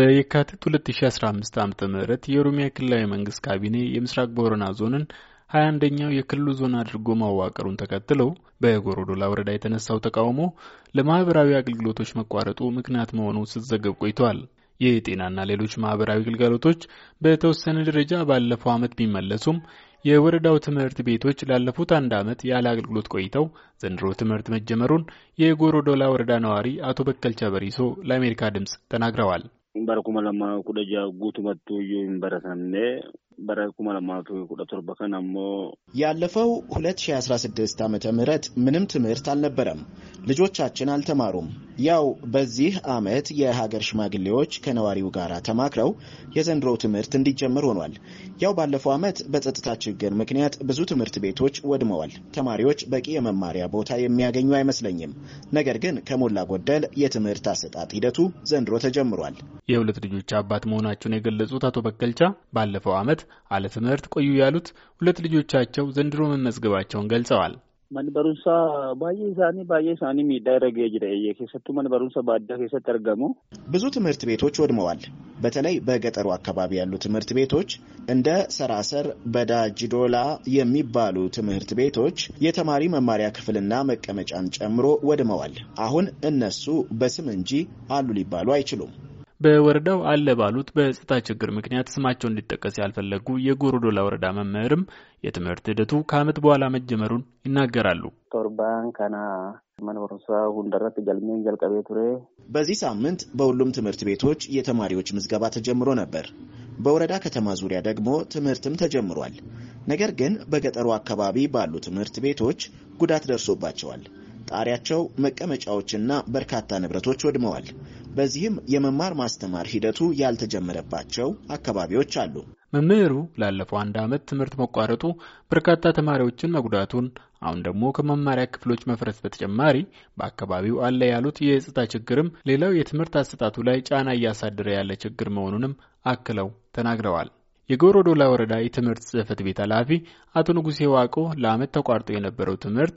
በየካቲት 2015 ዓ ም የኦሮሚያ ክልላዊ መንግስት ካቢኔ የምስራቅ ቦረና ዞንን ሀያ አንደኛው የክልሉ ዞን አድርጎ ማዋቀሩን ተከትለው በጎሮዶላ ወረዳ የተነሳው ተቃውሞ ለማህበራዊ አገልግሎቶች መቋረጡ ምክንያት መሆኑ ስትዘገብ ቆይተዋል። የጤናና ሌሎች ማህበራዊ አገልግሎቶች በተወሰነ ደረጃ ባለፈው ዓመት ቢመለሱም የወረዳው ትምህርት ቤቶች ላለፉት አንድ ዓመት ያለ አገልግሎት ቆይተው ዘንድሮ ትምህርት መጀመሩን የጎሮዶላ ወረዳ ነዋሪ አቶ በከልቻ በሪሶ ለአሜሪካ ድምፅ ተናግረዋል። bara kuma lamaa kudha jaha guutumattuu iyyuu hin baratamne bara kuma lamaa kudha torba kan ammoo ያለፈው 2016 ዓ ም ምንም ትምህርት አልነበረም። ልጆቻችን አልተማሩም። ያው በዚህ ዓመት የሀገር ሽማግሌዎች ከነዋሪው ጋር ተማክረው የዘንድሮ ትምህርት እንዲጀምር ሆኗል። ያው ባለፈው ዓመት በጸጥታ ችግር ምክንያት ብዙ ትምህርት ቤቶች ወድመዋል። ተማሪዎች በቂ የመማሪያ ቦታ የሚያገኙ አይመስለኝም። ነገር ግን ከሞላ ጎደል የትምህርት አሰጣጥ ሂደቱ ዘንድሮ ተጀምሯል። የሁለት ልጆች አባት መሆናቸውን የገለጹት አቶ በከልቻ ባለፈው ዓመት አለ ትምህርት ቆዩ ያሉት ሁለት ልጆቻቸው ዘንድሮ መመዝገባቸውን ገልጸዋል። Manni barumsaa baay'ee isaanii baay'ee isaanii miidhaa irra ga'ee jira. Keessattuu mana barumsa baadiyyaa keessatti argamu. ብዙ ትምህርት ቤቶች ወድመዋል። በተለይ በገጠሩ አካባቢ ያሉ ትምህርት ቤቶች እንደ ሰራሰር፣ በዳ፣ የሚባሉ ትምህርት ቤቶች የተማሪ መማሪያ ክፍልና መቀመጫን ጨምሮ ወድመዋል። አሁን እነሱ በስም እንጂ አሉ ሊባሉ አይችሉም። በወረዳው አለ ባሉት በጸጥታ ችግር ምክንያት ስማቸው እንዲጠቀስ ያልፈለጉ የጎሮዶላ ወረዳ መምህርም የትምህርት ሂደቱ ከዓመት በኋላ መጀመሩን ይናገራሉ። ቶርባን ከና በዚህ ሳምንት በሁሉም ትምህርት ቤቶች የተማሪዎች ምዝገባ ተጀምሮ ነበር። በወረዳ ከተማ ዙሪያ ደግሞ ትምህርትም ተጀምሯል። ነገር ግን በገጠሩ አካባቢ ባሉ ትምህርት ቤቶች ጉዳት ደርሶባቸዋል። ጣሪያቸው፣ መቀመጫዎችና በርካታ ንብረቶች ወድመዋል። በዚህም የመማር ማስተማር ሂደቱ ያልተጀመረባቸው አካባቢዎች አሉ። መምህሩ ላለፈው አንድ ዓመት ትምህርት መቋረጡ በርካታ ተማሪዎችን መጉዳቱን አሁን ደግሞ ከመማሪያ ክፍሎች መፍረስ በተጨማሪ በአካባቢው አለ ያሉት የጸጥታ ችግርም ሌላው የትምህርት አሰጣቱ ላይ ጫና እያሳደረ ያለ ችግር መሆኑንም አክለው ተናግረዋል። የጎሮዶላ ወረዳ የትምህርት ጽሕፈት ቤት ኃላፊ አቶ ንጉሴ ዋቆ ለዓመት ተቋርጦ የነበረው ትምህርት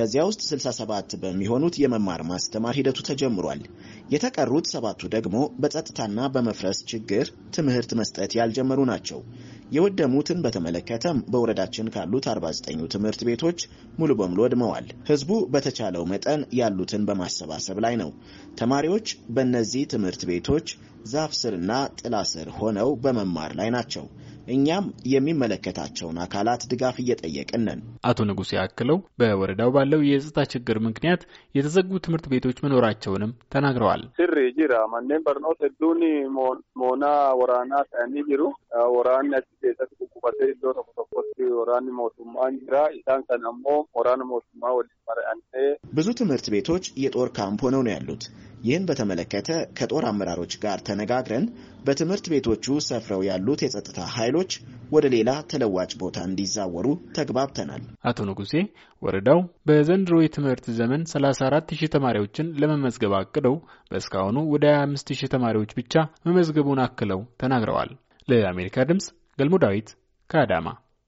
ከዚያ ውስጥ 67 በሚሆኑት የመማር ማስተማር ሂደቱ ተጀምሯል። የተቀሩት ሰባቱ ደግሞ በጸጥታና በመፍረስ ችግር ትምህርት መስጠት ያልጀመሩ ናቸው። የወደሙትን በተመለከተም በወረዳችን ካሉት 49ኙ ትምህርት ቤቶች ሙሉ በሙሉ ወድመዋል። ህዝቡ በተቻለው መጠን ያሉትን በማሰባሰብ ላይ ነው። ተማሪዎች በእነዚህ ትምህርት ቤቶች ዛፍ ስርና ጥላ ስር ሆነው በመማር ላይ ናቸው። እኛም የሚመለከታቸውን አካላት ድጋፍ እየጠየቅን ነን። አቶ ንጉሴ አክለው በወረዳው ባለው የጸጥታ ችግር ምክንያት የተዘጉ ትምህርት ቤቶች መኖራቸውንም ተናግረዋል። ስር ጅራ ማኔም ሞና ወራና ሳኒ ጅሩ ወራን ሴሰት ቁቁበቴ ዶ ወራን ጅራ ኢሳን ወራን ሞቱማ ወዲ ብዙ ትምህርት ቤቶች የጦር ካምፕ ሆነው ነው ያሉት። ይህን በተመለከተ ከጦር አመራሮች ጋር ተነጋግረን በትምህርት ቤቶቹ ሰፍረው ያሉት የጸጥታ ኃይሎች ወደ ሌላ ተለዋጭ ቦታ እንዲዛወሩ ተግባብተናል። አቶ ንጉሴ ወረዳው በዘንድሮ የትምህርት ዘመን 34 ተማሪዎችን ለመመዝገብ አቅደው በእስካሁኑ ወደ 25 ተማሪዎች ብቻ መመዝገቡን አክለው ተናግረዋል። ለአሜሪካ ድምፅ ገልሞ ዳዊት ከአዳማ